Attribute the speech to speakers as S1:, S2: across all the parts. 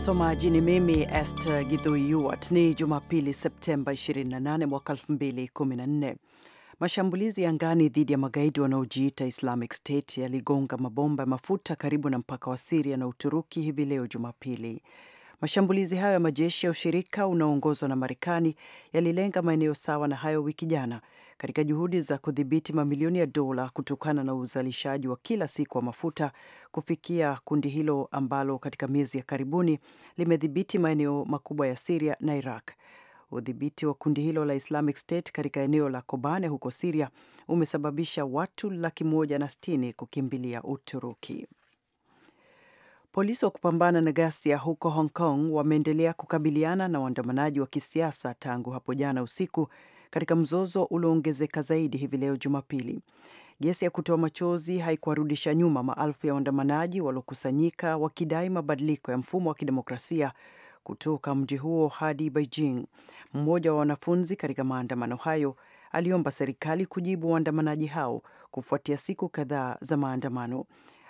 S1: Msomaji ni mimi Esther Githui Ni Jumapili, Septemba 28 mwaka 2014. Mashambulizi ya angani dhidi ya magaidi wanaojiita Islamic State yaligonga mabomba ya mafuta karibu na mpaka wa Siria na Uturuki hivi leo Jumapili. Mashambulizi hayo ya majeshi ya ushirika unaoongozwa na Marekani yalilenga maeneo sawa na hayo wiki jana katika juhudi za kudhibiti mamilioni ya dola kutokana na uzalishaji wa kila siku wa mafuta kufikia kundi hilo ambalo katika miezi ya karibuni limedhibiti maeneo makubwa ya Siria na Iraq. Udhibiti wa kundi hilo la Islamic State katika eneo la Kobane huko Siria umesababisha watu laki moja na sitini kukimbilia Uturuki. Polisi wa kupambana na ghasia huko Hong Kong wameendelea kukabiliana na waandamanaji wa kisiasa tangu hapo jana usiku katika mzozo ulioongezeka zaidi hivi leo Jumapili. Gesi ya kutoa machozi haikuwarudisha nyuma maelfu ya waandamanaji waliokusanyika wakidai mabadiliko ya mfumo wa kidemokrasia kutoka mji huo hadi Beijing. Mmoja wa wanafunzi katika maandamano hayo aliomba serikali kujibu waandamanaji hao kufuatia siku kadhaa za maandamano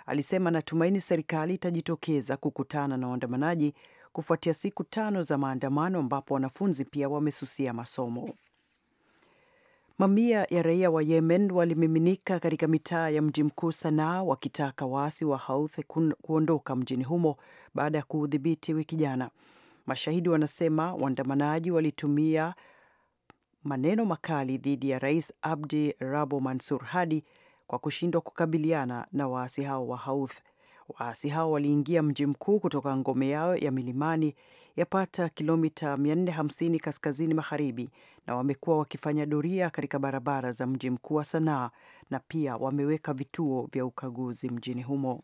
S1: alisema anatumaini serikali itajitokeza kukutana na waandamanaji kufuatia siku tano za maandamano ambapo wanafunzi pia wamesusia masomo. Mamia ya raia wa Yemen walimiminika katika mitaa ya mji mkuu Sanaa wakitaka waasi wa Houthi kuondoka mjini humo baada ya kuudhibiti wiki jana. Mashahidi wanasema waandamanaji walitumia maneno makali dhidi ya Rais Abdi Rabo Mansur Hadi kwa kushindwa kukabiliana na waasi hao wa Houth. Waasi hao waliingia mji mkuu kutoka ngome yao ya milimani yapata kilomita 450 kaskazini magharibi, na wamekuwa wakifanya doria katika barabara za mji mkuu wa Sanaa na pia wameweka vituo vya ukaguzi mjini humo.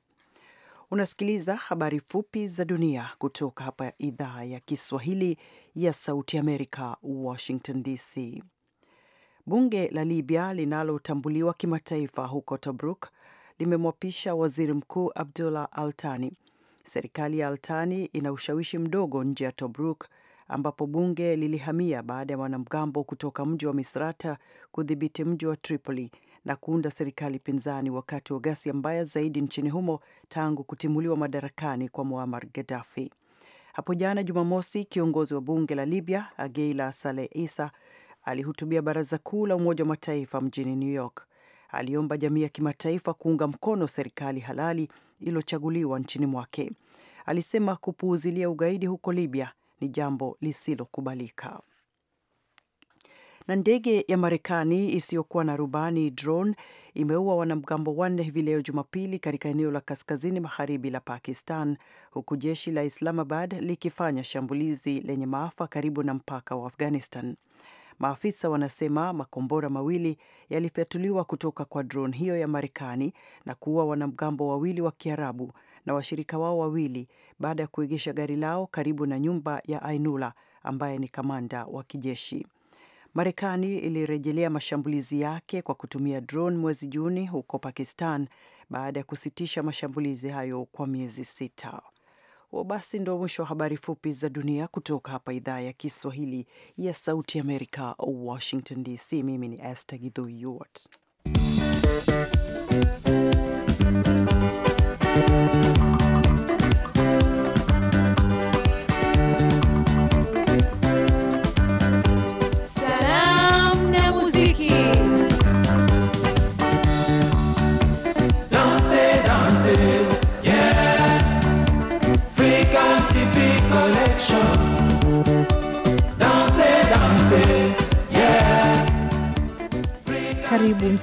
S1: Unasikiliza habari fupi za dunia kutoka hapa idhaa ya Kiswahili ya Sauti Amerika, Washington DC. Bunge la Libya linalotambuliwa kimataifa huko Tobruk limemwapisha waziri mkuu Abdullah Altani. Serikali ya Altani ina ushawishi mdogo nje ya Tobruk ambapo bunge lilihamia baada ya wanamgambo kutoka mji wa Misrata kudhibiti mji wa Tripoli na kuunda serikali pinzani wakati wa ghasia mbaya zaidi nchini humo tangu kutimuliwa madarakani kwa Muammar Gaddafi. Hapo jana Jumamosi, kiongozi wa bunge la Libya Ageila Saleh Isa alihutubia Baraza Kuu la Umoja wa Mataifa mjini New York. Aliomba jamii ya kimataifa kuunga mkono serikali halali iliyochaguliwa nchini mwake. Alisema kupuuzilia ugaidi huko Libya ni jambo lisilokubalika. Na ndege ya Marekani isiyokuwa na rubani drone imeua wanamgambo wanne hivi leo Jumapili katika eneo la kaskazini magharibi la Pakistan, huku jeshi la Islamabad likifanya shambulizi lenye maafa karibu na mpaka wa Afghanistan. Maafisa wanasema makombora mawili yalifyatuliwa kutoka kwa drone hiyo ya Marekani na kuua wanamgambo wawili wa Kiarabu na washirika wao wawili baada ya kuegesha gari lao karibu na nyumba ya Ainula ambaye ni kamanda wa kijeshi. Marekani ilirejelea mashambulizi yake kwa kutumia drone mwezi Juni huko Pakistan baada ya kusitisha mashambulizi hayo kwa miezi sita. Huo basi ndo mwisho wa habari fupi za dunia kutoka hapa idhaa ya Kiswahili ya Sauti Amerika, Washington DC. Mimi ni Esther Gidho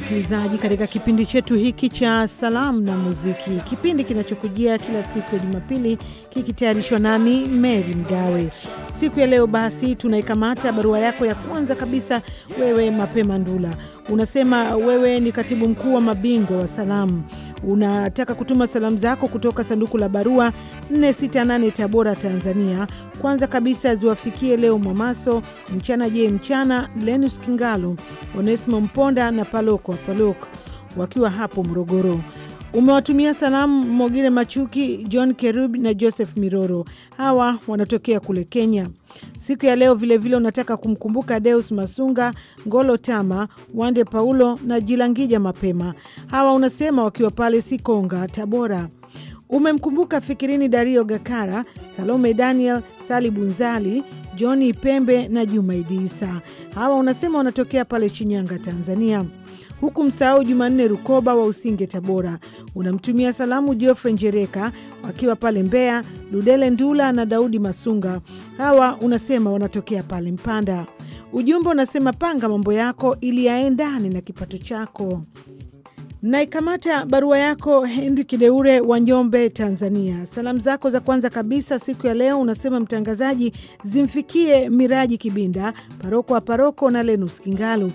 S2: msikilizaji, katika kipindi chetu hiki cha salamu na muziki, kipindi kinachokujia kila siku ya Jumapili kikitayarishwa nami Mary Mgawe. Siku ya leo basi tunaikamata barua yako ya kwanza kabisa, wewe Mapema Ndula Unasema wewe ni katibu mkuu wa mabingwa wa salamu, unataka kutuma salamu zako kutoka sanduku la barua 468 Tabora, Tanzania. Kwanza kabisa ziwafikie leo Mwamaso mchana, je mchana, Lenus Kingalu, Onesimo Mponda na Paloko wa Palok wakiwa hapo Morogoro umewatumia salamu Mogire Machuki, John Kerub na Joseph Miroro. Hawa wanatokea kule Kenya. Siku ya leo vilevile vile unataka kumkumbuka Deus Masunga, Ngolo Tama, Wande Paulo na Jilangija Mapema. Hawa unasema wakiwa pale Sikonga, Tabora. Umemkumbuka Fikirini Dario Gakara, Salome Daniel, Salibunzali, Johni Pembe na Juma idiisa Isa. Hawa unasema wanatokea pale Shinyanga, Tanzania huku msahau Jumanne Rukoba wa Usinge, Tabora. Unamtumia salamu Jofre Njereka wakiwa pale Mbeya, Dudele Ndula na Daudi Masunga, hawa unasema wanatokea pale Mpanda. Ujumbe unasema panga mambo yako ili yaendane na kipato chako. Naikamata barua yako Henri Kideure wa Njombe, Tanzania. Salamu zako za kwanza kabisa siku ya leo unasema mtangazaji zimfikie Miraji Kibinda, paroko wa paroko na Lenus Kingalu.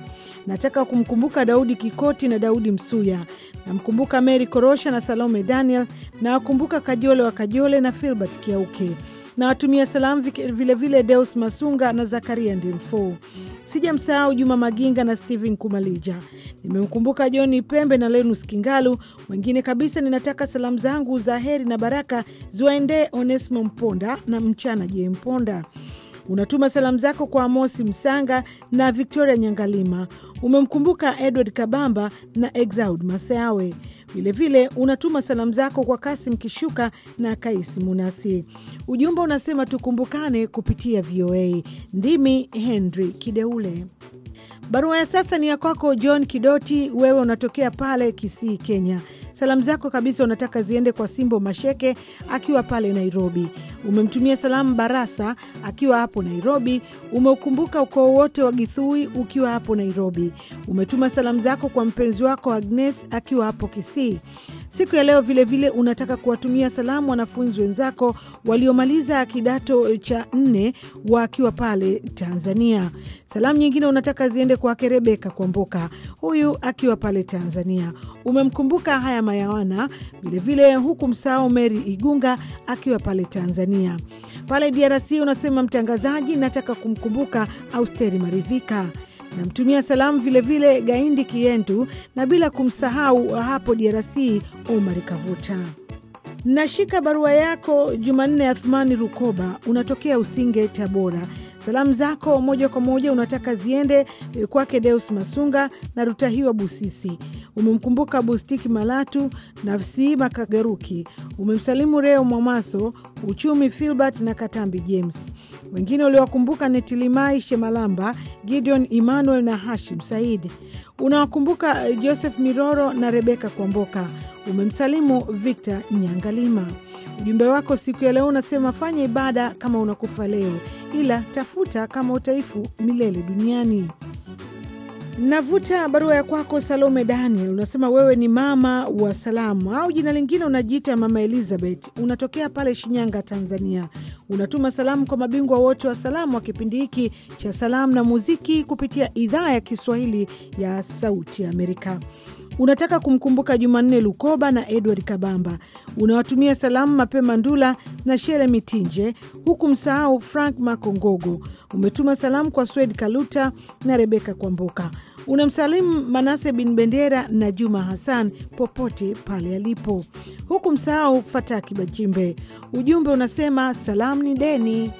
S2: Nataka kumkumbuka Daudi Kikoti na Daudi Msuya, namkumbuka Mary Korosha na Salome Daniel, nawakumbuka Kajole wa Kajole na Filbert Kiauke na watumia salamu vilevile vile Deus Masunga na Zakaria Ndimfuu. Sijamsahau Juma Maginga na Steven Kumalija. Nimemkumbuka Joni Pembe na Lenus Kingalu. Wengine kabisa, ninataka salamu zangu za heri na baraka ziwaendee Onesimo Mponda na Mchana Je Mponda. Unatuma salamu zako kwa Amosi Msanga na Victoria Nyangalima. Umemkumbuka Edward Kabamba na Exaud Maseawe. Vilevile unatuma salamu zako kwa Kasim Kishuka na Kaisi Munasi. Ujumbe unasema tukumbukane kupitia VOA. Ndimi Henry Kideule. Barua ya sasa ni ya kwako John Kidoti, wewe unatokea pale Kisii, Kenya. Salamu zako kabisa unataka ziende kwa Simbo Masheke akiwa pale Nairobi. Umemtumia salamu Barasa akiwa hapo Nairobi. Umeukumbuka ukoo wote wa Githui ukiwa hapo Nairobi. Umetuma salamu zako kwa mpenzi wako Agnes akiwa hapo Kisii. Siku ya leo vilevile vile unataka kuwatumia salamu wanafunzi wenzako waliomaliza kidato cha nne wakiwa pale Tanzania. Salamu nyingine unataka ziende kwake Rebeka Kwamboka, huyu akiwa pale Tanzania. Umemkumbuka haya mayawana vilevile, huku msao Meri Igunga akiwa pale Tanzania. Pale DRC unasema mtangazaji, nataka kumkumbuka Austeri Marivika Namtumia salamu vilevile vile Gaindi Kientu na bila kumsahau hapo DRC Omar Kavuta. Nashika barua yako Jumanne Athmani Rukoba, unatokea Usinge, Tabora. Salamu zako moja kwa moja unataka ziende e, kwake Deus Masunga na Rutahiwa Busisi. Umemkumbuka Bustiki Malatu, Nafsi Makagaruki. Umemsalimu Reo Mwamaso, Uchumi Filbert na Katambi James. Wengine waliowakumbuka ni Tilimai Shemalamba, Gideon Emmanuel na Hashim Said. Unawakumbuka eh, Joseph Miroro na Rebeka Kwamboka. Umemsalimu Victor Nyangalima. Ujumbe wako siku ya leo unasema fanya ibada kama unakufa leo, ila tafuta kama utaifu milele duniani. Navuta barua ya kwako Salome Daniel, unasema wewe ni mama wa salamu au jina lingine unajiita mama Elizabeth, unatokea pale Shinyanga, Tanzania. Unatuma salamu kwa mabingwa wote wa salamu wa kipindi hiki cha salamu na muziki kupitia idhaa ya Kiswahili ya Sauti ya Amerika. Unataka kumkumbuka Jumanne Lukoba na Edward Kabamba, unawatumia salamu Mapema Ndula na Shere Mitinje, huku msahau Frank Makongogo. Umetuma salamu kwa Swed Kaluta na Rebeka Kwamboka. Unamsalimu Manase bin Bendera na Juma Hassan popote pale alipo, huku msahau Fataki Bajimbe. Ujumbe unasema salamu ni deni.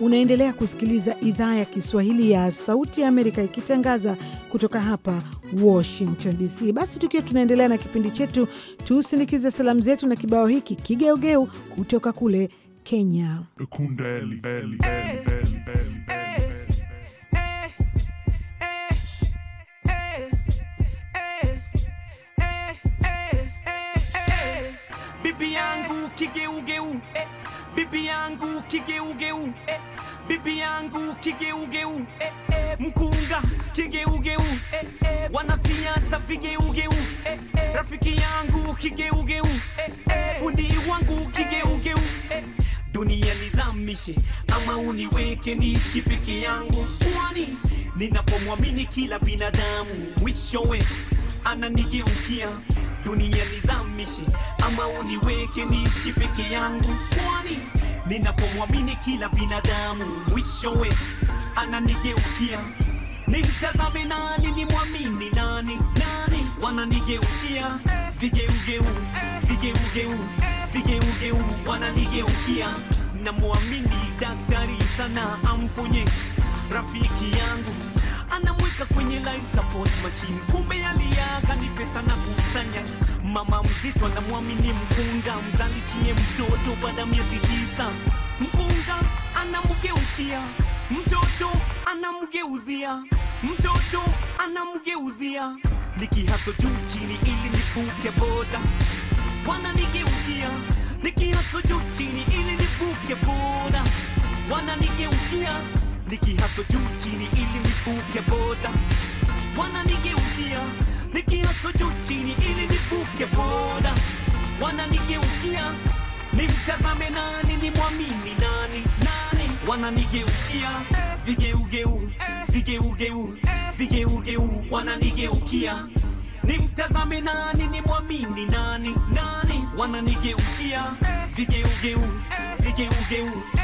S2: Unaendelea kusikiliza idhaa ya Kiswahili ya Sauti ya Amerika ikitangaza kutoka hapa Washington DC. Basi tukiwa tunaendelea na kipindi chetu, tusindikize salamu zetu na kibao hiki kigeugeu kutoka kule Kenya.
S1: Kundeli, beli, beli, beli, beli, beli.
S3: Bibi yangu kigeugeu eh bibi yangu kigeugeu eh, bibi yangu kigeugeu eh, eh, mkunga kigeugeu eh, eh, wanasiasa vigeugeu eh, eh, rafiki yangu kigeugeu eh, eh, fundi wangu kigeugeu eh, dunia nizamishe ama uniweke niishi peke yangu kwani ninapomwamini kila binadamu mwishowe ananigeukia dunia nizamishe, ama uniweke niishi peke yangu, kwani ninapomwamini kila binadamu mwishowe ananigeukia. Nitazame nani, nimwamini nani? Nani wananigeukia, vigeugeu vigeugeu vigeugeu wananigeukia. Namwamini daktari sana, amponye rafiki yangu anamweka kwenye life support machine, kumbe aliaga ni pesa na kusanya. Mama mzito anamwamini mkunga, mzalishie mtoto baada ya miezi tisa. Mkunga anamgeukia mtoto, anamgeuzia mtoto, anamgeuzia nikihaso juu chini ili nivuke boda, wananigeukia nikihaso juu chini ili nivuke boda, nigeukia nikihaso juu chini ili nivuke boda, Wana wananigeukia nikihaso juu chini ili nivuke boda, Wana wananigeukia nimtazame nani, ni mwamini nani, nani, Wana wananigeukia vigeugeu, vigeugeu, vigeugeu, wananigeukia nimtazame nani, ni mwamini nani, nani, Wana wananigeukia vigeugeu, vigeugeu, vigeugeu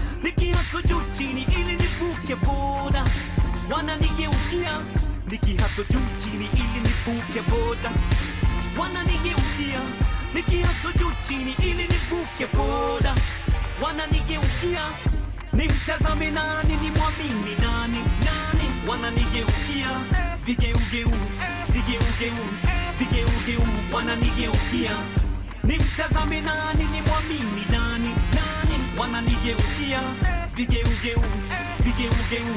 S3: chini ili nivuke boda, wananigeukia nikihaso juu chini ili nivuke boda, wananigeukia nikihaso juu chini ili nivuke boda, wananigeukia nimtazame nani, nimwamini nani, nani, wananigeukia vigeugeu, vigeugeu, vigeugeu, wananigeukia nimtazame nani, nimwamini nani, nani wananigeukia vigeugeu vigeugeu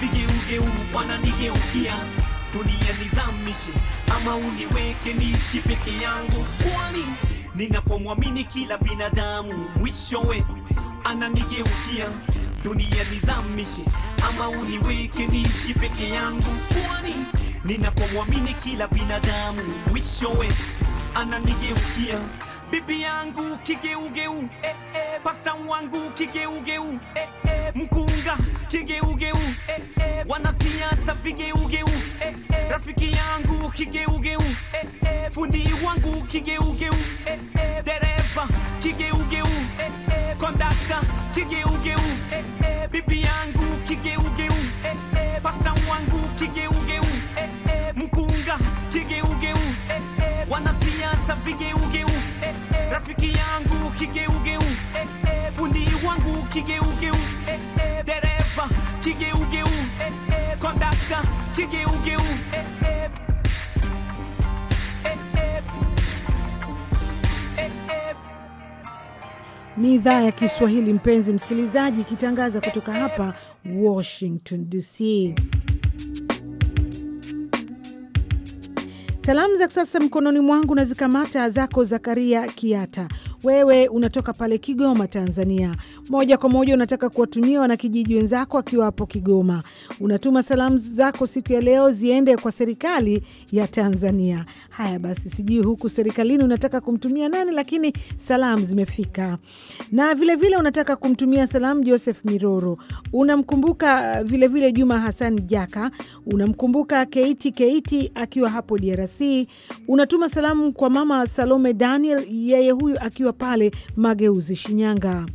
S3: vigeugeu wananigeukia dunia nizamishe ama uniweke niishi peke yangu kwani ninapomwamini kila binadamu mwishowe ananigeukia dunia nizamishe ama uniweke niishi peke yangu kwani ninapomwamini kila binadamu mwishowe ananigeukia bibi yangu kigeugeu eh, eh, pasta wangu kigeugeu eh, eh, mkunga kigeugeu eh, eh, wanasiasa vigeugeu eh, eh, rafiki yangu kigeugeu eh, eh, fundi wangu kigeugeu eh, eh, dereva kigeugeu eh, eh, kondakta kigeugeu eh, eh, bibi yangu kigeugeu eh, eh, fundi wangu kigeugeu eh, eh, dereva kigeugeu eh, eh, kondakta kigeugeu eh, eh, eh,
S2: eh, eh ni idhaa ya Kiswahili, mpenzi msikilizaji, ikitangaza kutoka hapa Washington DC. Salamu za kisasa mkononi mwangu na zikamata zako, Zakaria Kiata wewe unatoka pale Kigoma, Tanzania, moja kwa moja unataka kuwatumia wanakijiji wenzako akiwa hapo Kigoma. Unatuma salamu zako siku ya leo ziende kwa serikali ya Tanzania. Haya basi, sijui huku serikalini unataka kumtumia nani, lakini salamu zimefika. Na vilevile vile unataka kumtumia salamu Joseph Miroro, unamkumbuka vilevile uh, vile Juma Hassan Jaka, unamkumbuka Keiti Keiti akiwa hapo DRC. Unatuma salamu kwa mama Salome Daniel, yeye huyu akiwa akiwa pale Mageuzi, Shinyanga.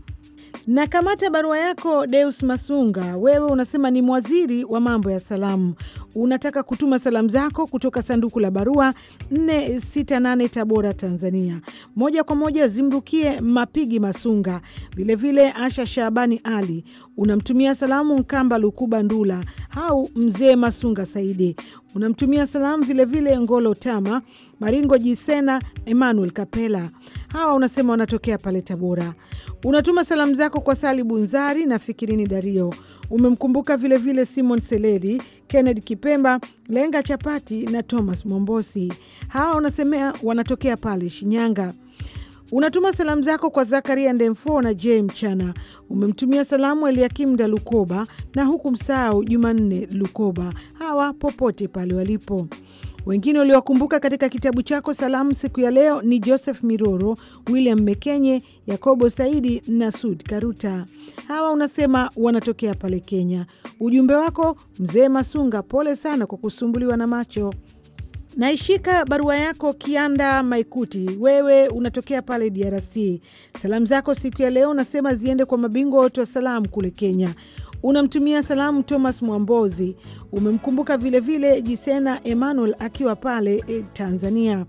S2: Na kamata barua yako Deus Masunga, wewe unasema ni mwaziri wa mambo ya salamu unataka kutuma salamu zako kutoka sanduku la barua 468 Tabora, Tanzania, moja kwa moja zimrukie Mapigi Masunga. Vilevile Asha Shabani Ali unamtumia salamu Nkamba Lukuba Ndula au Mzee Masunga Saidi unamtumia salamu vilevile vile Ngolo Tama, Maringo Jisena, Emmanuel Kapela. Hawa unasema wanatokea pale Tabora. Unatuma salamu zako kwa Sali Bunzari na Fikirini Dario. Umemkumbuka vilevile Simon Seleri, Kennedy Kipemba, Lenga Chapati na Thomas Mombosi. Hawa unasemea wanatokea pale Shinyanga. Unatuma salamu zako kwa Zakaria Ndemfo na J Mchana. Umemtumia salamu Eliakim Da Lukoba na huku msahau Jumanne Lukoba, hawa popote pale walipo. Wengine uliwakumbuka katika kitabu chako salamu siku ya leo ni Joseph Miroro, William Mekenye, Yakobo Saidi na Sud Karuta. Hawa unasema wanatokea pale Kenya. Ujumbe wako mzee Masunga, pole sana kwa kusumbuliwa na macho. Naishika barua yako Kianda Maikuti, wewe unatokea pale DRC. Salamu zako siku ya leo unasema ziende kwa mabingwa wote wa salamu kule Kenya. Unamtumia salamu Thomas Mwambozi, umemkumbuka vilevile vile Jisena Emmanuel akiwa pale e, Tanzania.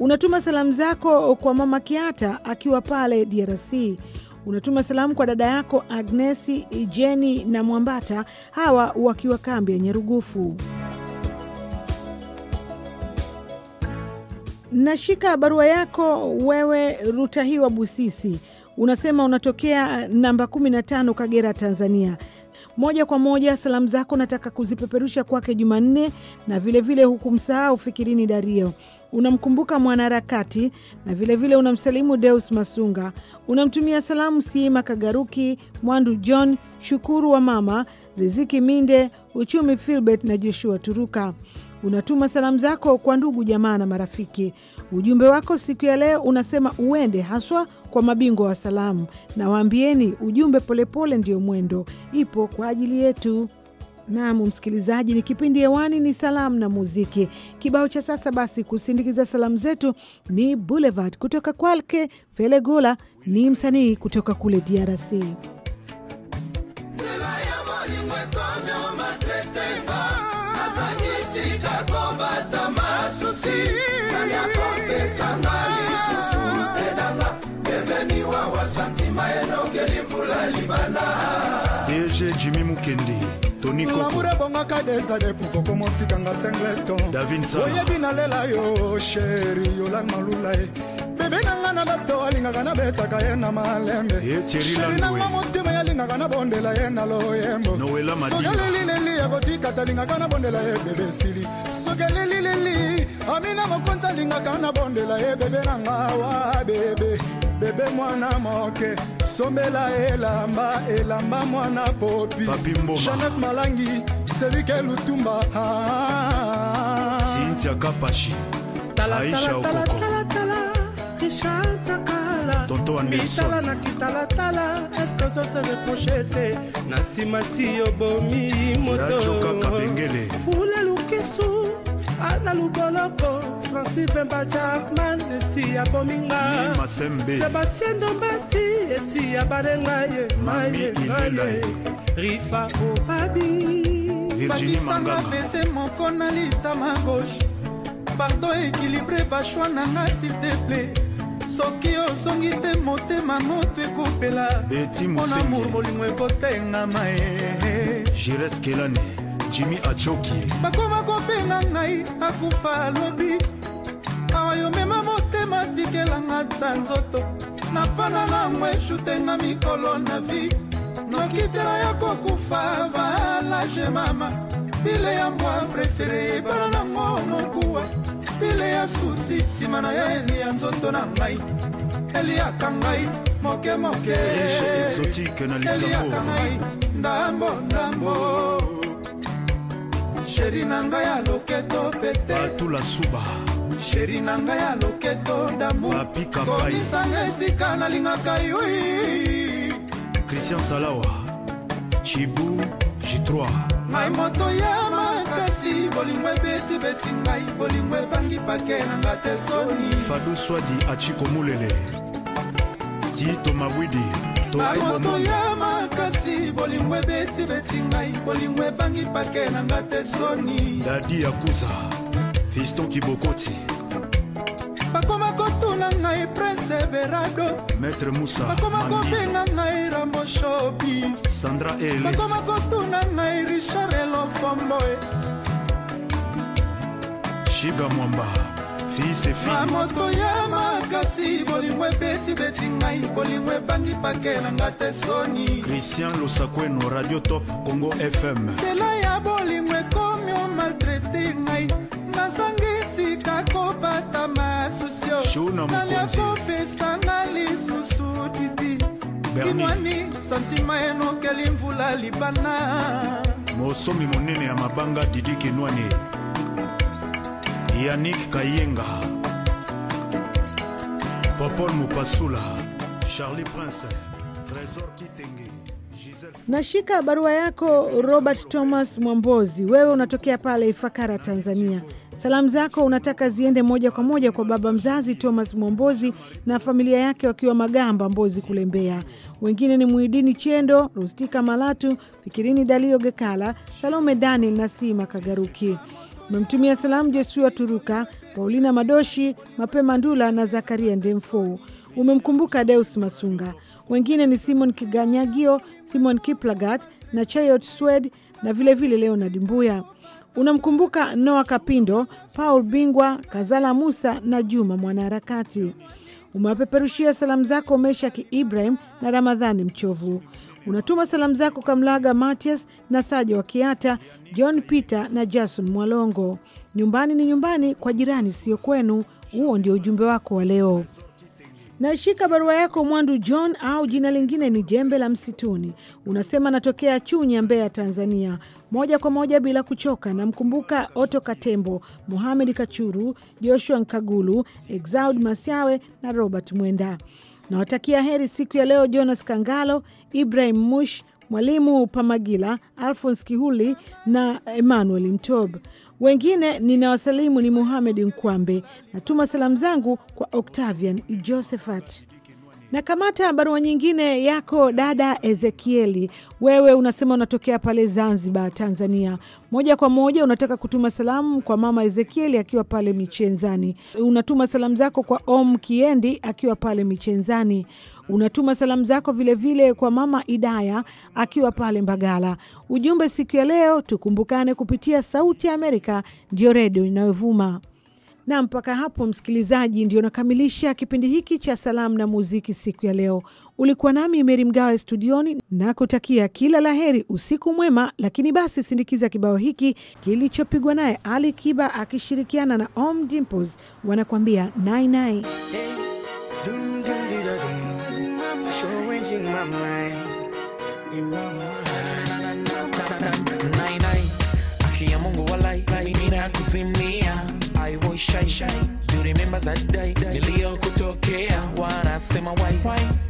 S2: Unatuma salamu zako kwa mama Kiata akiwa pale DRC. Unatuma salamu kwa dada yako Agnesi Jeni na Mwambata, hawa wakiwa kambi ya Nyarugufu. Nashika barua yako wewe Rutahiwa Busisi, unasema unatokea namba 15 Kagera, Tanzania. Moja kwa moja salamu zako nataka kuzipeperusha kwake Jumanne na vilevile hukumsahau Fikirini Dario unamkumbuka mwanaharakati na vilevile unamsalimu Deus Masunga, unamtumia salamu Siima Kagaruki, Mwandu John, Shukuru wa mama Riziki Minde, Uchumi Filbert na Joshua Turuka. Unatuma salamu zako kwa ndugu jamaa na marafiki. Ujumbe wako siku ya leo unasema uende haswa kwa mabingwa wa salamu, na waambieni ujumbe polepole, ndiyo mwendo ipo kwa ajili yetu. Nam msikilizaji, ni kipindi hewani, ni salamu na muziki. Kibao cha sasa basi kusindikiza salamu zetu ni Boulevard kutoka kwake Felegola, ni msanii kutoka kule DRC.
S4: Deje Mukendi mikokolamour ebongaka desade pokokoma otikanga sengleton oyebi nalela yo sheri yolan malula ye bebe nanga na lato alingaka nabetaka ye na malembe sheri eh, nanga motema yalingaka nabondela ye na loyembo soki alelileli yakotika talingaka nabondela ye bebe esili soki alelileli amina mokonzi alingaka nabondela ye bebe nanga wabe bebe mwana moke somela elamba elamba mwana popi janet malangi selike lutumba sintia kapashi aisha okoko
S3: richard sakala
S4: tonto andersonbitala na kitalatala eske ozose reproche te na nsima si obomi moto fula lukisu ana luboloko francis vemba jafman esi ya bominga sebastien dombasi esi ya balenga ye mayengaye rifa obabi bakisanga pese moko na litama gauche pardo ekilibre bashwa nanga silteple soki osongi te motema moto ekopela mpona amour bolingo ekotengama ye jireskelane jimi acoki bakoma kobenga ngai akufa alobi mawa yo mema motema tikelanga ta nzoto nafana nango eshutenga mikolo na vi nokitela ya kokufa valage mama bile ya mbwa prefere ebala nango mokuwa bile ya susi nsima na yo eli ya nzoto na ngai eliaka ngai mokemoke eliaka ngai ndambo ndambo sheri na ngai ya loketo petebantula suba sheri na ngai ya loketo dabukomisanga esika nalingaka yoi christian salawa chibu j3 ngai moto ya makasi bolingo ebetibeti ngai bolingo ebangi pake na nga te soni fadu swadi achikomulele tito mabwidi tomoto ya kasi bolingo ebetibeti ngai bolingo ebangi pake na nga te soni dadi yakuza fiston kibokoti bakoma kotuna ngai prince everado maître musa bakoma kobenga ngai rambo shopis sandra elis bakoma kotuna ngai richard elofomboe shiga mwamba ma moto ya makasi bolingo ebetibeti ngai bolingo ebangi pake na nga te soni christian losakweno radio top congo fm nzela ya bolingo ekomi omaltraite ngai nazangi sika kobata masusio naliakopesanga lisusu dibi
S1: kinwani
S4: santima enokeli mvula libana mosomi monene ya mabanga didi kinwani Yannick Kayenga, Popol Mupasula,
S2: Charlie Prince, Trésor Kitenge. Nashika barua yako Robert Thomas Mwambozi, wewe unatokea pale Ifakara, Tanzania. Salamu zako unataka ziende moja kwa moja kwa baba mzazi Thomas Mwambozi na familia yake wakiwa Magamba Mbozi kule Mbeya. Wengine ni muidini Chendo, Rustika Malatu, Fikirini Dalio Gekala, Salome Daniel na Sima Kagaruki. Mmemtumia salamu Jesua Turuka, Paulina Madoshi, Mapema Ndula na Zakaria Ndemfo. Umemkumbuka Deus Masunga. Wengine ni Simon Kiganyagio, Simon Kiplagat na Chayot Swed na vilevile Leonard Mbuya. Unamkumbuka Noa Kapindo, Paul Bingwa, Kazala Musa na Juma Mwanaharakati. Umewapeperushia salamu zako Meshaki Ibrahim na Ramadhani Mchovu. Unatuma salamu zako Kamlaga Matias na Saja wa Kiata, John Peter na Jason Mwalongo. Nyumbani ni nyumbani, kwa jirani siyo kwenu. Huo ndio ujumbe wako wa leo. Naishika barua yako Mwandu John au jina lingine ni Jembe la Msituni. Unasema natokea Chunya, Mbeya, Tanzania, moja kwa moja bila kuchoka. Namkumbuka Oto Katembo, Mohamed Kachuru, Joshua Nkagulu, Exaud Masyawe na Robert Mwenda. Nawatakia heri siku ya leo Jonas Kangalo, Ibrahim Mush, Mwalimu Pamagila, Alfons Kihuli na Emmanuel Mtob. Wengine ninawasalimu ni Muhamed Nkwambe. Natuma salamu zangu kwa Octavian Josephat na kamata barua nyingine yako dada Ezekieli, wewe unasema unatokea pale Zanzibar, Tanzania. Moja kwa moja unataka kutuma salamu kwa mama Ezekieli akiwa pale Michenzani. Unatuma salamu zako kwa Om Kiendi akiwa pale Michenzani. Unatuma salamu zako vilevile vile kwa mama Idaya akiwa pale Mbagala. Ujumbe siku ya leo tukumbukane kupitia Sauti ya Amerika, ndio redio inayovuma na mpaka hapo, msikilizaji, ndio nakamilisha kipindi hiki cha salamu na muziki siku ya leo. Ulikuwa nami Meri Mgawe studioni na kutakia kila laheri, usiku mwema. Lakini basi sindikiza kibao hiki kilichopigwa naye Ali Kiba akishirikiana na Om Dimples, wanakuambia nainai.
S3: shy Do remember that day nilio kutokea wanasema wai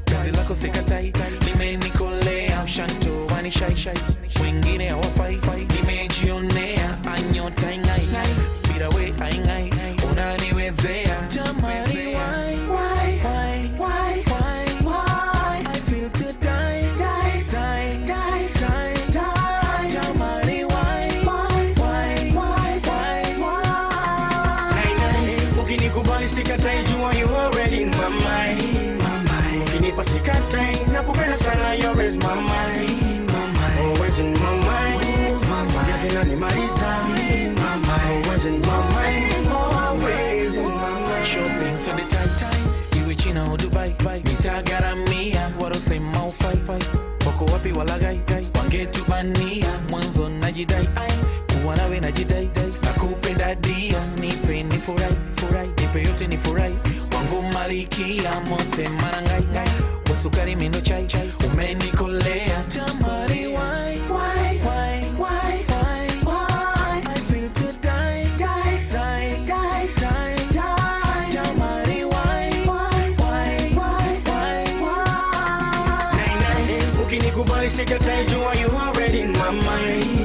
S3: kazi lako sikatai limenikolea mshanto wani shy wengine hawafai Goodbye, a you are already in my mind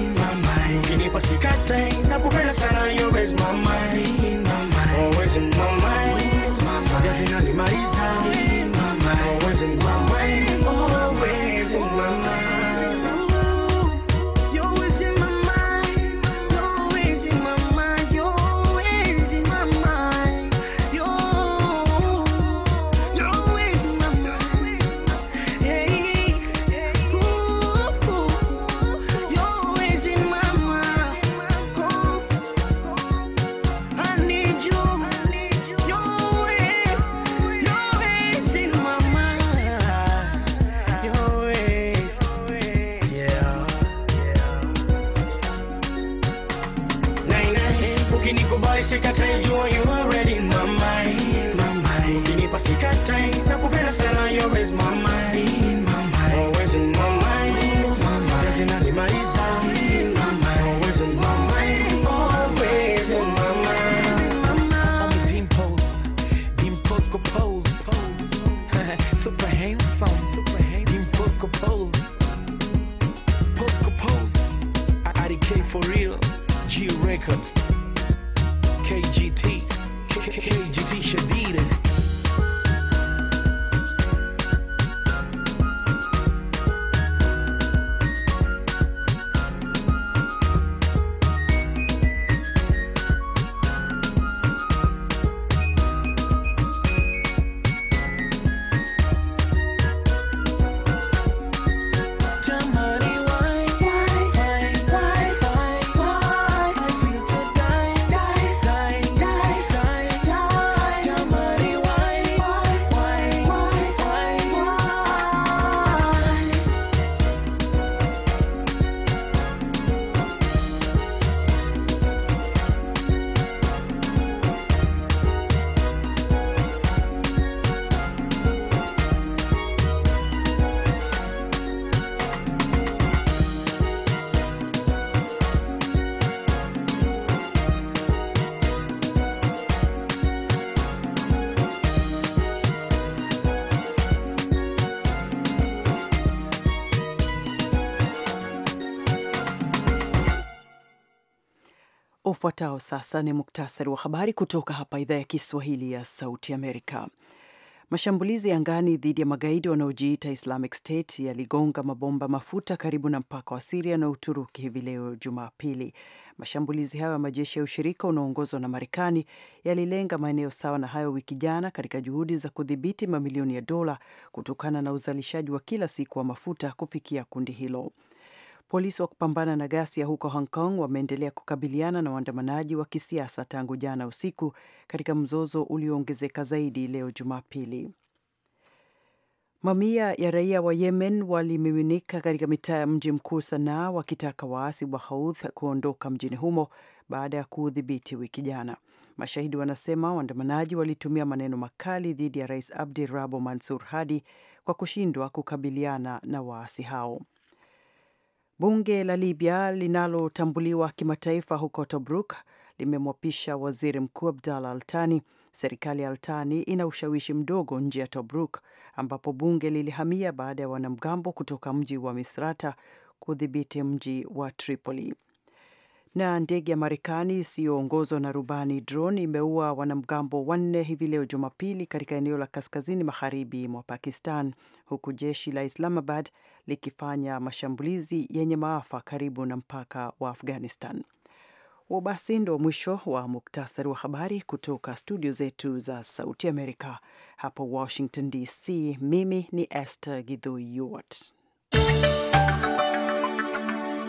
S1: Ufuatao sasa ni muktasari wa habari kutoka hapa idhaa ya Kiswahili ya Sauti Amerika. Mashambulizi angani dhidi ya magaidi wanaojiita Islamic State yaligonga mabomba mafuta karibu na mpaka wa Siria na Uturuki hivi leo Jumapili. Mashambulizi hayo ya majeshi ya ushirika unaoongozwa na Marekani yalilenga maeneo sawa na hayo wiki jana katika juhudi za kudhibiti mamilioni ya dola kutokana na uzalishaji wa kila siku wa mafuta kufikia kundi hilo. Polisi wa kupambana na ghasia huko Hong Kong wameendelea kukabiliana na waandamanaji wa kisiasa tangu jana usiku katika mzozo ulioongezeka zaidi leo Jumapili. Mamia ya raia wa Yemen walimiminika katika mitaa ya mji mkuu Sanaa wakitaka waasi wa Houth kuondoka mjini humo baada ya kuudhibiti wiki jana. Mashahidi wanasema waandamanaji walitumia maneno makali dhidi ya Rais Abdi Rabo Mansur Hadi kwa kushindwa kukabiliana na waasi hao. Bunge la Libya linalotambuliwa kimataifa huko Tobruk limemwapisha waziri mkuu Abdalla Altani. Serikali ya Altani ina ushawishi mdogo nje ya Tobruk, ambapo bunge lilihamia baada ya wanamgambo kutoka mji wa Misrata kudhibiti mji wa Tripoli. Na ndege ya Marekani isiyoongozwa na rubani drone imeua wanamgambo wanne hivi leo Jumapili katika eneo la kaskazini magharibi mwa Pakistan, huku jeshi la Islamabad likifanya mashambulizi yenye maafa karibu na mpaka wa Afghanistan. Huo basi ndo mwisho wa muktasari wa habari kutoka studio zetu za Sauti Amerika hapa Washington DC. Mimi ni Esther Gidhui